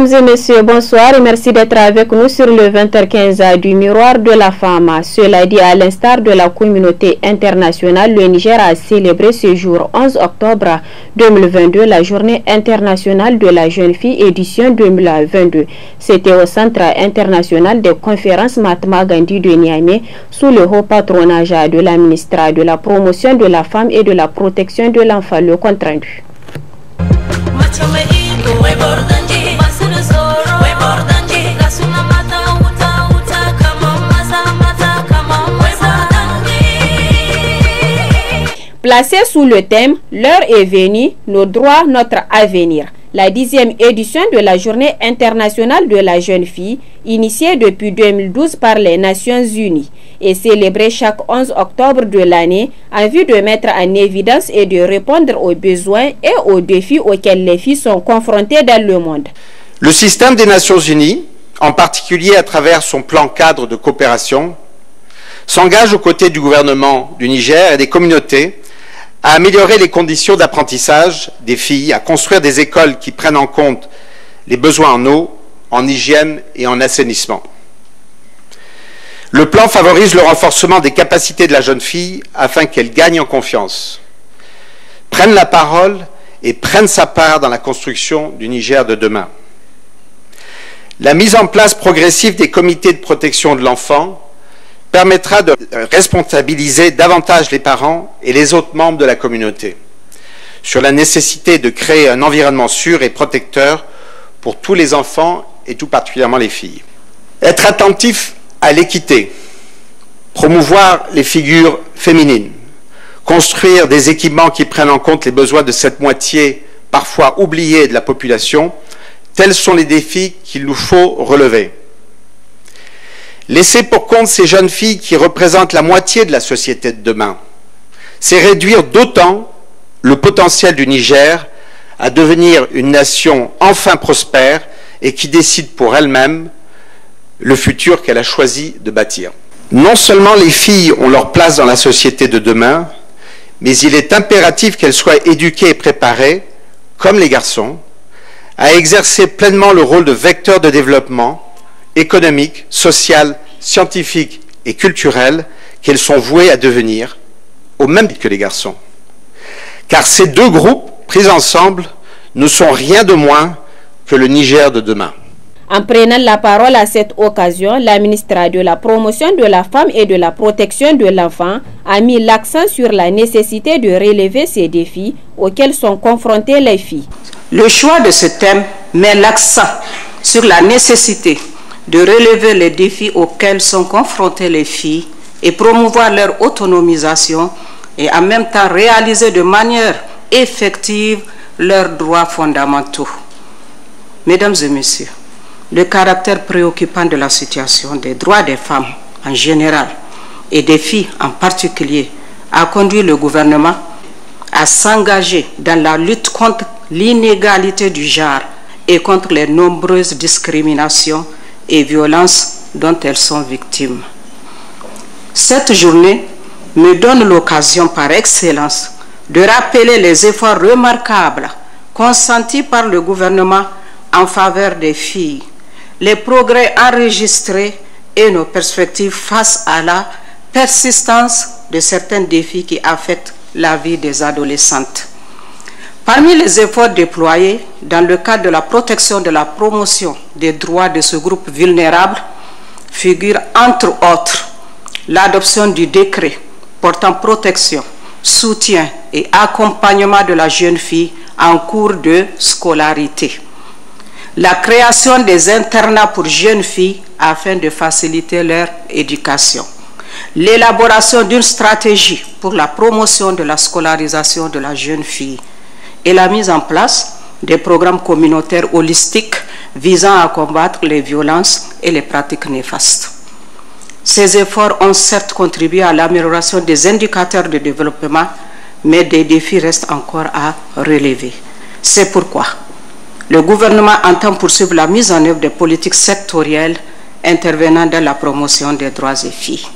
Mesdames et messieurs, bonsoir et merci d'être avec nous sur le 20h15 du Miroir de la Femme. Cela dit, à l'instar de la communauté internationale, le Niger a célébré ce jour 11 octobre 2022 la Journée internationale de la jeune fille édition 2022. C'était au Centre international des conférences Matma Gandhi de Niamey sous le haut patronage de la ministre de la promotion de la femme et de la protection de l'enfant. Le compte placée sous le thème L'heure est venue, nos droits, notre avenir. La dixième édition de la Journée internationale de la jeune fille, initiée depuis 2012 par les Nations Unies et célébrée chaque 11 octobre de l'année en vue de mettre en évidence et de répondre aux besoins et aux défis auxquels les filles sont confrontées dans le monde. Le système des Nations Unies, en particulier à travers son plan cadre de coopération, s'engage aux côtés du gouvernement du Niger et des communautés à améliorer les conditions d'apprentissage des filles, à construire des écoles qui prennent en compte les besoins en eau, en hygiène et en assainissement. Le plan favorise le renforcement des capacités de la jeune fille afin qu'elle gagne en confiance, prenne la parole et prenne sa part dans la construction du Niger de demain. La mise en place progressive des comités de protection de l'enfant permettra de responsabiliser davantage les parents et les autres membres de la communauté sur la nécessité de créer un environnement sûr et protecteur pour tous les enfants et tout particulièrement les filles. Être attentif à l'équité, promouvoir les figures féminines, construire des équipements qui prennent en compte les besoins de cette moitié parfois oubliée de la population, tels sont les défis qu'il nous faut relever. Laisser pour compte ces jeunes filles qui représentent la moitié de la société de demain, c'est réduire d'autant le potentiel du Niger à devenir une nation enfin prospère et qui décide pour elle-même le futur qu'elle a choisi de bâtir. Non seulement les filles ont leur place dans la société de demain, mais il est impératif qu'elles soient éduquées et préparées, comme les garçons, à exercer pleinement le rôle de vecteur de développement économique, sociales, scientifique et culturelles qu'elles sont vouées à devenir, au même titre que les garçons. Car ces deux groupes, pris ensemble, ne sont rien de moins que le Niger de demain. En prenant la parole à cette occasion, la ministre de la Promotion de la Femme et de la Protection de l'Enfant a mis l'accent sur la nécessité de relever ces défis auxquels sont confrontées les filles. Le choix de ce thème met l'accent sur la nécessité de relever les défis auxquels sont confrontées les filles et promouvoir leur autonomisation et en même temps réaliser de manière effective leurs droits fondamentaux. Mesdames et messieurs, le caractère préoccupant de la situation des droits des femmes en général et des filles en particulier a conduit le gouvernement à s'engager dans la lutte contre l'inégalité du genre et contre les nombreuses discriminations et violences dont elles sont victimes. Cette journée me donne l'occasion par excellence de rappeler les efforts remarquables consentis par le gouvernement en faveur des filles, les progrès enregistrés et nos perspectives face à la persistance de certains défis qui affectent la vie des adolescentes. Parmi les efforts déployés dans le cadre de la protection de la promotion des droits de ce groupe vulnérable figure entre autres l'adoption du décret portant protection, soutien et accompagnement de la jeune fille en cours de scolarité. La création des internats pour jeunes filles afin de faciliter leur éducation. L'élaboration d'une stratégie pour la promotion de la scolarisation de la jeune fille et la mise en place des programmes communautaires holistiques visant à combattre les violences et les pratiques néfastes. Ces efforts ont certes contribué à l'amélioration des indicateurs de développement, mais des défis restent encore à relever. C'est pourquoi le gouvernement entend poursuivre la mise en œuvre des politiques sectorielles intervenant dans la promotion des droits des filles.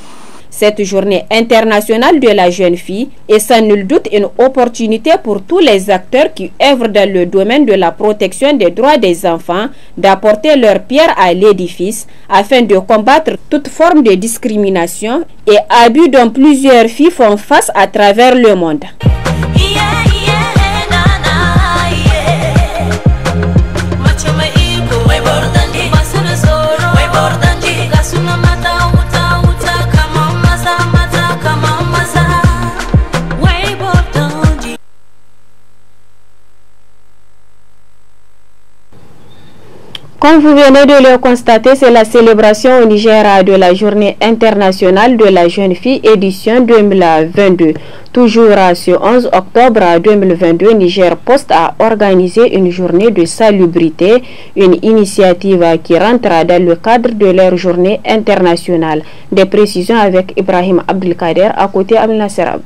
Cette journée internationale de la jeune fille est sans nul doute une opportunité pour tous les acteurs qui œuvrent dans le domaine de la protection des droits des enfants d'apporter leur pierre à l'édifice afin de combattre toute forme de discrimination et abus dont plusieurs filles font face à travers le monde. Comme vous venez de le constater, c'est la célébration au Niger de la Journée internationale de la jeune fille édition 2022. Toujours à ce 11 octobre 2022, Niger Post a organisé une journée de salubrité, une initiative qui rentre dans le cadre de leur journée internationale. Des précisions avec Ibrahim Abdelkader à côté Amina Serab.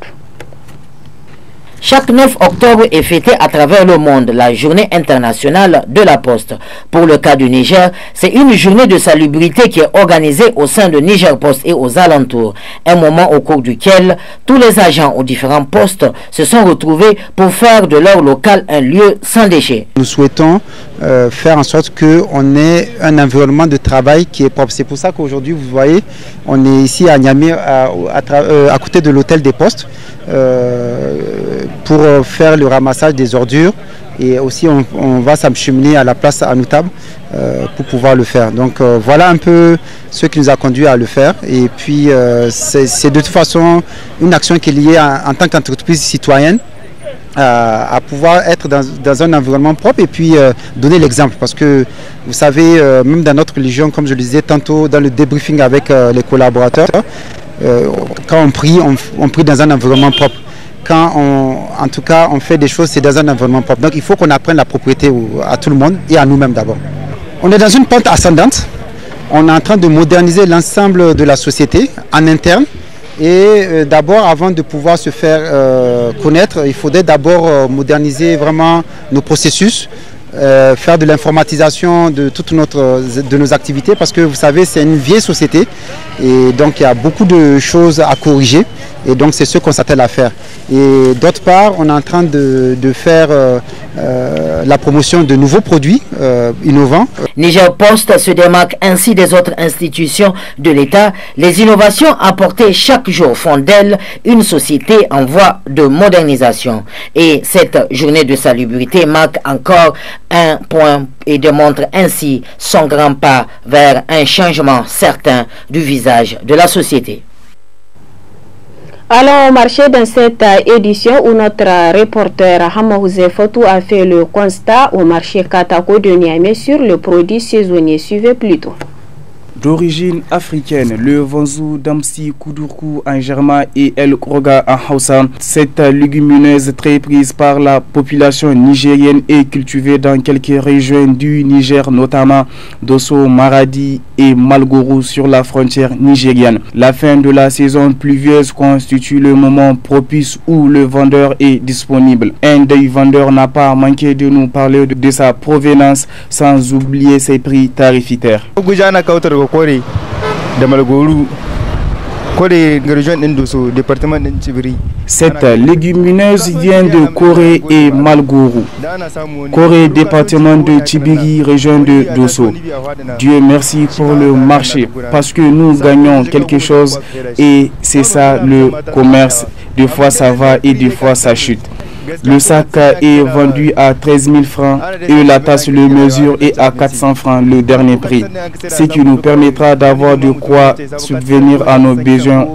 Chaque 9 octobre est fêtée à travers le monde la journée internationale de la poste. Pour le cas du Niger, c'est une journée de salubrité qui est organisée au sein de Niger Post et aux alentours. Un moment au cours duquel tous les agents aux différents postes se sont retrouvés pour faire de leur local un lieu sans déchets. Nous souhaitons euh, faire en sorte qu'on ait un environnement de travail qui est propre. C'est pour ça qu'aujourd'hui, vous voyez, on est ici à Niamey, à, euh, côté de l'hôtel des postes, euh, pour faire le ramassage des ordures. Et aussi, on, va s'acheminer à la place à pour pouvoir le faire. Donc voilà un peu ce qui nous a conduit à le faire. Et puis, c'est de toute façon une action qui est liée en tant qu'entreprise citoyenne. Euh, à, pouvoir être dans, dans, un environnement propre et puis euh, donner l'exemple. Parce que vous savez, euh, même dans notre religion, comme je le disais tantôt, dans le débriefing avec les collaborateurs, quand on prie, on, prie dans un environnement propre. Quand on, en tout cas, on fait des choses, c'est dans un environnement propre. Donc il faut qu'on apprenne la propriété à tout le monde et à nous-mêmes d'abord. On est dans une pente ascendante. On est en train de moderniser l'ensemble de la société en interne et euh, d'abord, avant de pouvoir se faire euh, connaître, il faudrait d'abord euh, moderniser vraiment nos processus, euh, faire de l'informatisation de toutes notre, de nos activités parce que vous savez c'est une vieille société et donc il y a beaucoup de choses à corriger et donc c'est ce qu'on s'attelle à faire. Et d'autre part on est en train de, faire euh, euh, la promotion de nouveaux produits innovants. Niger Post se démarque ainsi des autres institutions de l'État. Les innovations apportées chaque jour font d'elle une société en voie de modernisation. Et cette journée de salubrité marque encore un point et démontre ainsi son grand pas vers un changement certain du visage de la société. Allons au marché dans cette euh, édition où notre reporter Hamouze Fotou a fait le constat au marché Katako de Niamey sur le produit saisonnier. Suivez plutôt. D'origine africaine, le Vanzou, Damsi, Kudurku en germain et El Kroga en Hausa, cette légumineuse très prise par la population nigérienne est cultivée dans quelques régions du Niger, notamment Dosso, Maradi et Malgourou sur la frontière nigérienne. La fin de la saison pluvieuse constitue le moment propice où le vendeur est disponible. Un des vendeurs n'a pas manqué de nous parler de, sa provenance sans oublier ses prix tarifaires. Kore de Malgourou, Corée, région département Cette légumineuse vient de Corée et Malgourou. Corée, département de Tibiri, région de Dosso. Dieu merci pour le marché parce que nous gagnons quelque chose et c'est ça le commerce. Des fois ça va et des fois ça chute. Le sac est vendu à 13 000 francs et la tasse le mesure est à 400 francs le dernier prix, ce qui nous permettra d'avoir de quoi subvenir à nos besoins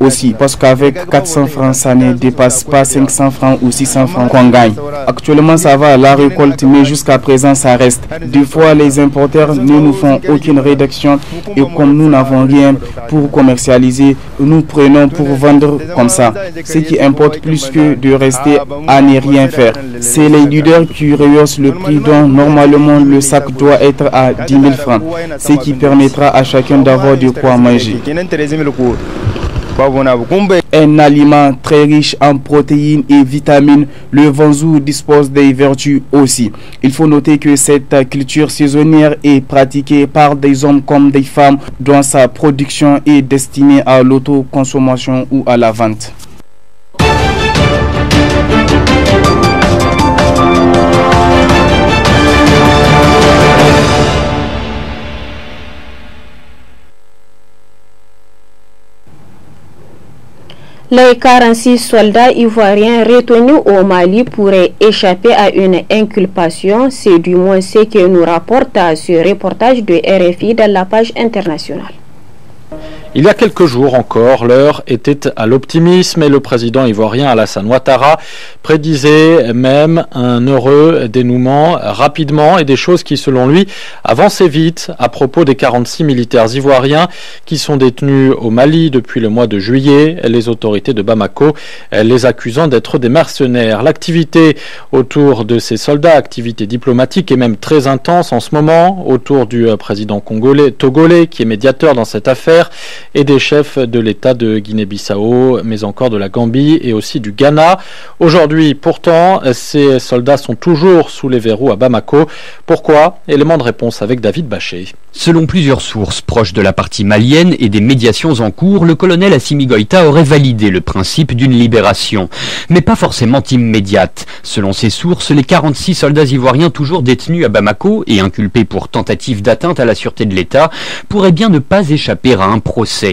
aussi, parce qu'avec 400 francs, ça ne dépasse pas 500 francs ou 600 francs qu'on gagne. Actuellement, ça va à la récolte, mais jusqu'à présent, ça reste. Des fois, les importeurs ne nous font aucune réduction et comme nous n'avons rien pour commercialiser, nous prenons pour vendre comme ça, ce qui importe plus que de rester à rien faire. C'est les leaders qui rehaussent le prix dont normalement le sac doit être à 10 000 francs, ce qui permettra à chacun d'avoir de quoi manger. Un aliment très riche en protéines et vitamines, le vanzou dispose des vertus aussi. Il faut noter que cette culture saisonnière est pratiquée par des hommes comme des femmes dont sa production est destinée à l'autoconsommation ou à la vente. Les 46 soldats ivoiriens retenus au Mali pourraient échapper à une inculpation, c'est du moins ce que nous rapporte ce reportage de RFI dans la page internationale. Il y a quelques jours encore, l'heure était à l'optimisme et le président ivoirien Alassane Ouattara prédisait même un heureux dénouement rapidement et des choses qui, selon lui, avançaient vite à propos des 46 militaires ivoiriens qui sont détenus au Mali depuis le mois de juillet, les autorités de Bamako les accusant d'être des mercenaires. L'activité autour de ces soldats, activité diplomatique est même très intense en ce moment autour du euh, président congolais, togolais qui est médiateur dans cette affaire et des chefs de l'État de Guinée-Bissau, mais encore de la Gambie et aussi du Ghana. Aujourd'hui, pourtant, ces soldats sont toujours sous les verrous à Bamako. Pourquoi Élément de réponse avec David Baché. Selon plusieurs sources proches de la partie malienne et des médiations en cours, le colonel Assimi Goïta aurait validé le principe d'une libération, mais pas forcément immédiate. Selon ces sources, les 46 soldats ivoiriens toujours détenus à Bamako et inculpés pour tentative d'atteinte à la sûreté de l'État pourraient bien ne pas échapper à un procès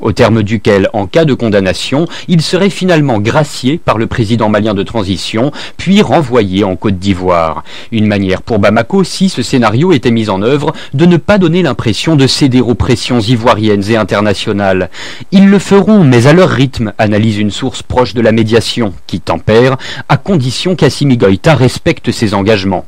au terme duquel, en cas de condamnation, il serait finalement gracié par le président malien de transition, puis renvoyé en Côte d'Ivoire. Une manière pour Bamako, si ce scénario était mis en œuvre, de ne pas donner l'impression de céder aux pressions ivoiriennes et internationales. Ils le feront, mais à leur rythme, analyse une source proche de la médiation, qui tempère, à condition qu'Assimi Goïta respecte ses engagements.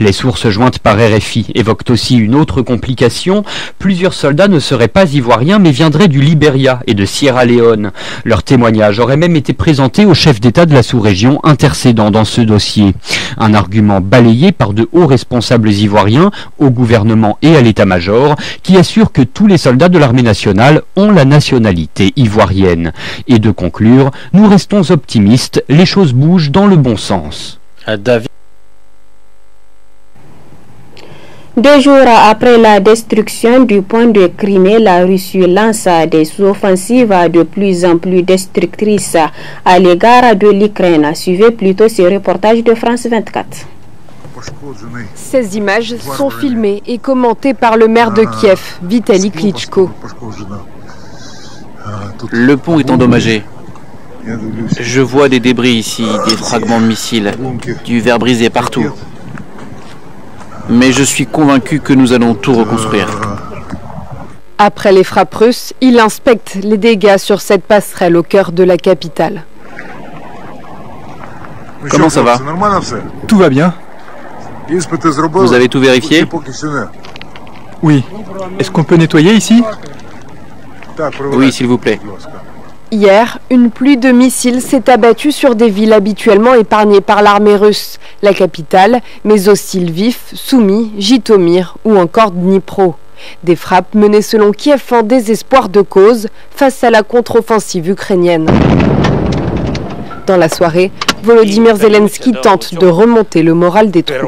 Les sources jointes par RFI évoquent aussi une autre complication, plusieurs soldats ne seraient pas ivoiriens mais du Liberia et de Sierra Leone. Leur témoignage aurait même été présenté au chef d'État de la sous-région intercédant dans ce dossier. Un argument balayé par de hauts responsables ivoiriens au gouvernement et à l'état-major qui assure que tous les soldats de l'armée nationale ont la nationalité ivoirienne. Et de conclure, nous restons optimistes, les choses bougent dans le bon sens. Deux jours après la destruction du pont de Crimée, la Russie lance des offensives de plus en plus destructrices à l'égard de l'Ukraine. Suivez plutôt ce reportage de France 24. Ces images sont filmées et commentées par le maire de Kiev, Vitaly Klitschko. Le pont est endommagé. Je vois des débris ici, des fragments de missiles, du verre brisé partout mais je suis convaincu que nous allons tout reconstruire. Après les frappes russes, il inspecte les dégâts sur cette passerelle au cœur de la capitale. Comment ça va hein, Tout va bien. Vous avez tout vérifié Oui. Est-ce qu'on peut nettoyer ici Oui, s'il vous plaît. Hier, une pluie de missiles s'est abattue sur des villes habituellement épargnées par l'armée russe, la capitale, mais aussi Lviv, Soumy, Jitomir ou encore Dnipro. Des frappes menées selon Kiev en désespoir de cause face à la contre-offensive ukrainienne. Dans la soirée, Volodymyr Zelensky tente de remonter le moral des troupes.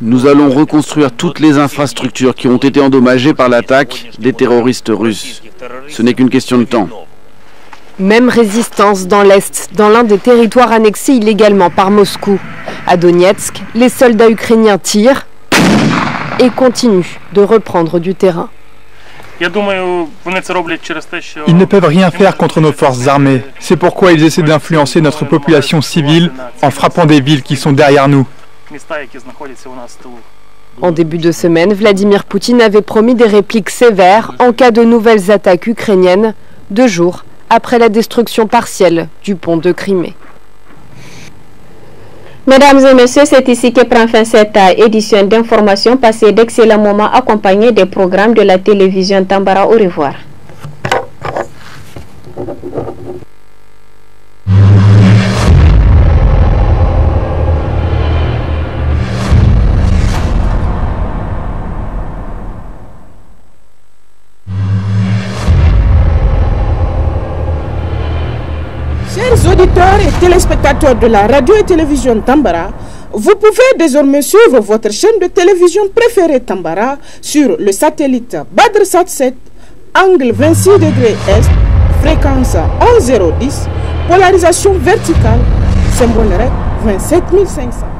Nous allons reconstruire toutes les infrastructures qui ont été endommagées par l'attaque des terroristes russes. Ce n'est qu'une question de temps. Même résistance dans l'Est, dans l'un des territoires annexés illégalement par Moscou. À Donetsk, les soldats ukrainiens tirent et continuent de reprendre du terrain. Ils ne peuvent rien faire contre nos forces armées. C'est pourquoi ils essaient d'influencer notre population civile en frappant des villes qui sont derrière nous. En début de semaine, Vladimir Poutine avait promis des répliques sévères en cas de nouvelles attaques ukrainiennes, deux jours après la destruction partielle du pont de Crimée. Mesdames et messieurs, c'est ici que prend fin cette euh, édition d'information. passée d'excellents moments accompagnés des programmes de la télévision Tambara. Au revoir. auditeurs et téléspectateurs de la radio et télévision Tambara, vous pouvez désormais suivre votre chaîne de télévision préférée Tambara sur le satellite sat 7, angle 26 degrés Est, fréquence 1010, polarisation verticale, symbole REC 27500.